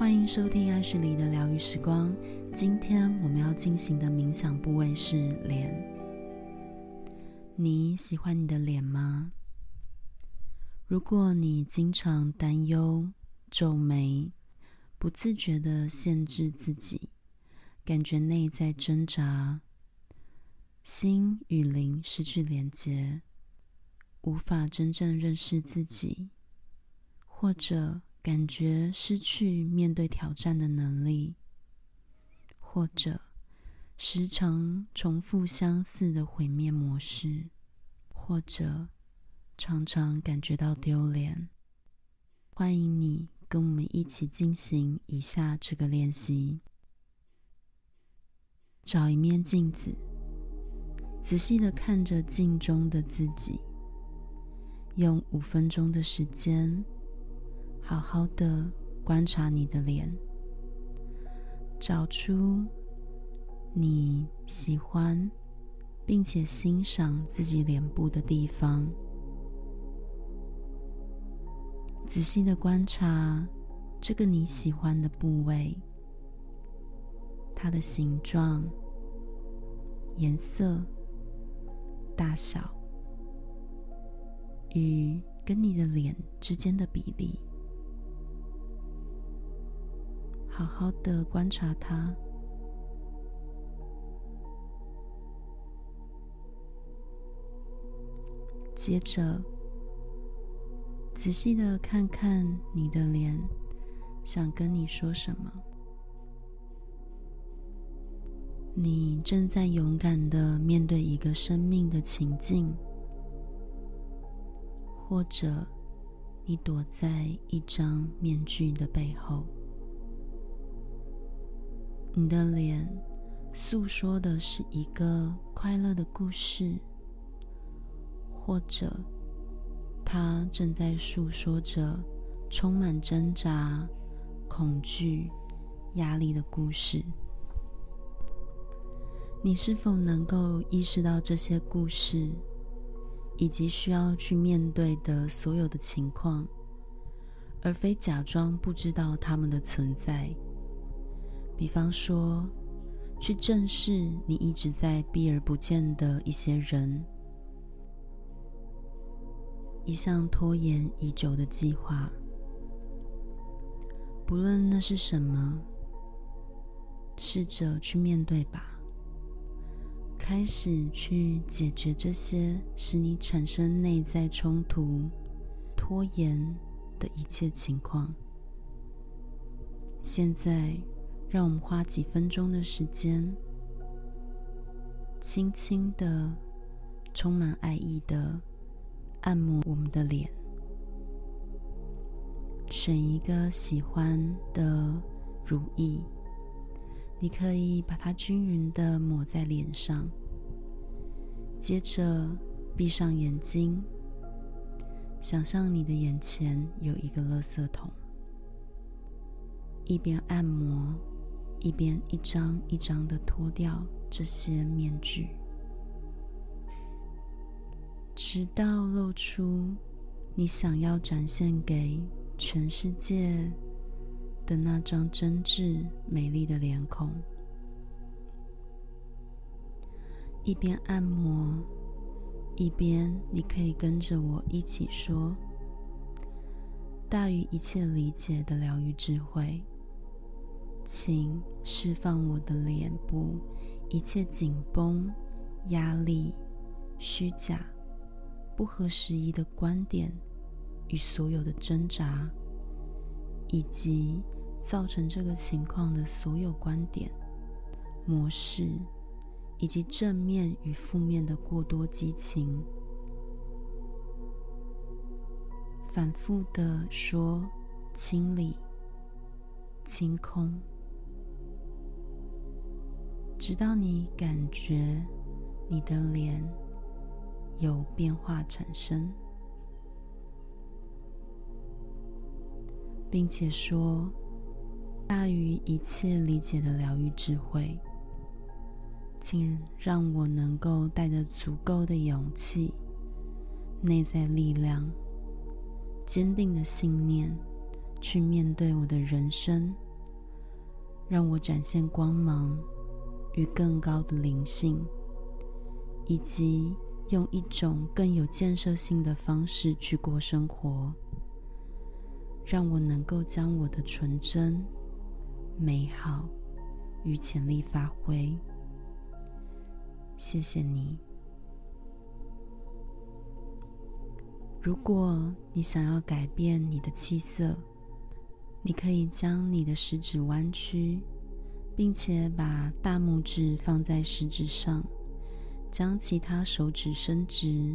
歡迎收聽愛旭黎的療癒時光。今天我們要進行的冥想部位是臉。你喜歡你的臉嗎？如果你經常擔憂、皺眉、不自覺地限制自己，感覺內在掙扎，心與靈失去連接，無法真正認識自己，或者……感覺失去面對挑戰的能力，或者時常重複相似的毀滅模式，或者常常感覺到丟臉。歡迎你跟我們一起進行以下這個練習：找一面鏡子，仔細地看着鏡中的自己，用五分鐘的時間。好好的觀察你的臉，找出你喜歡並且欣賞自己臉部的地方，仔細的觀察這個你喜歡的部位，它的形狀、顏色、大小與跟你的臉之間的比例。好好的觀察它，接着仔細的看看你的臉，想跟你說什麼？你正在勇敢的面對一個生命的情境，或者你躲在一張面具的背後。你的臉訴說的是一個快樂的故事，或者它正在訴說着充滿掙扎、恐懼、壓力的故事。你是否能夠意識到這些故事，以及需要去面對的所有的情況，而非假裝不知道它們的存在？比方說，去正視你一直在避而不見的一些人，一項拖延已久的計劃，不論那是什麼，試着去面對吧。開始去解決這些使你產生內在衝突、拖延的一切情況。現在。讓我們花幾分鐘的時間，輕輕的、充滿愛意的按摩我們的臉。選一個喜歡的乳液，你可以把它均勻的抹在臉上，接着閉上眼睛，想象你的眼前有一個垃圾桶，一邊按摩。一邊一張一張的脫掉這些面具，直到露出你想要展現給全世界的那張真摯美麗的臉孔。一邊按摩，一邊你可以跟着我一起說：“大於一切理解的療癒智慧。”請釋放我的臉部一切緊繃、壓力、虛假、不合時宜的觀點與所有的掙扎，以及造成這個情況的所有觀點、模式，以及正面與負面的過多激情，反復的說清理、清空。直到你感覺你的臉有變化產生，並且說：“大於一切理解的療癒智慧，請讓我能夠帶着足夠的勇氣、內在力量、堅定的信念去面對我的人生，讓我展現光芒。”與更高的靈性，以及用一種更有建設性的方式去過生活，讓我能夠將我的純真、美好與潛力發揮。謝謝你。如果你想要改變你的氣色，你可以將你的食指彎曲。並且把大拇指放在食指上，將其他手指伸直，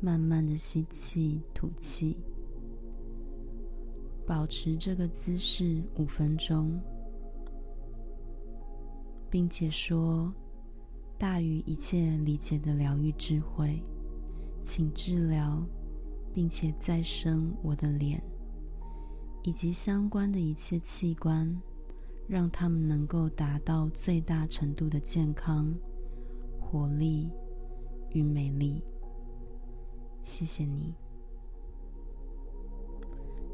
慢慢的吸氣、吐氣，保持這個姿勢五分鐘，並且說：“大於一切理解的療癒智慧，請治療並且再生我的臉以及相關的一切器官。”讓他們能夠達到最大程度的健康、活力與美麗。謝謝你。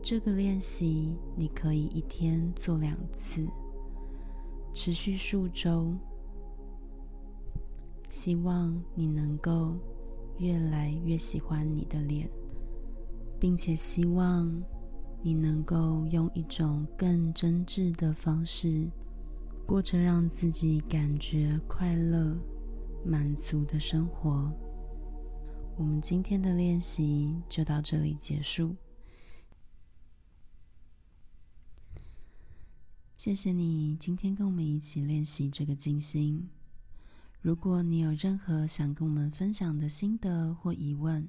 這個練習你可以一天做兩次，持續數周。希望你能夠越來越喜歡你的臉，並且希望，你能夠用一種更真摯的方式，過着讓自己感覺快樂、滿足的生活。我們今天的練習就到這裡結束。謝謝你今天跟我們一起練習這個靜心。如果你有任何想跟我們分享的心得或疑問，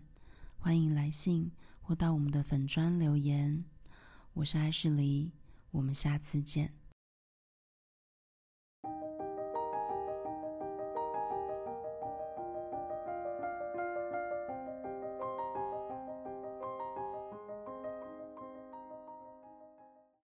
歡迎來信或到我們的粉專留言。我是愛旭黎，我們下次見。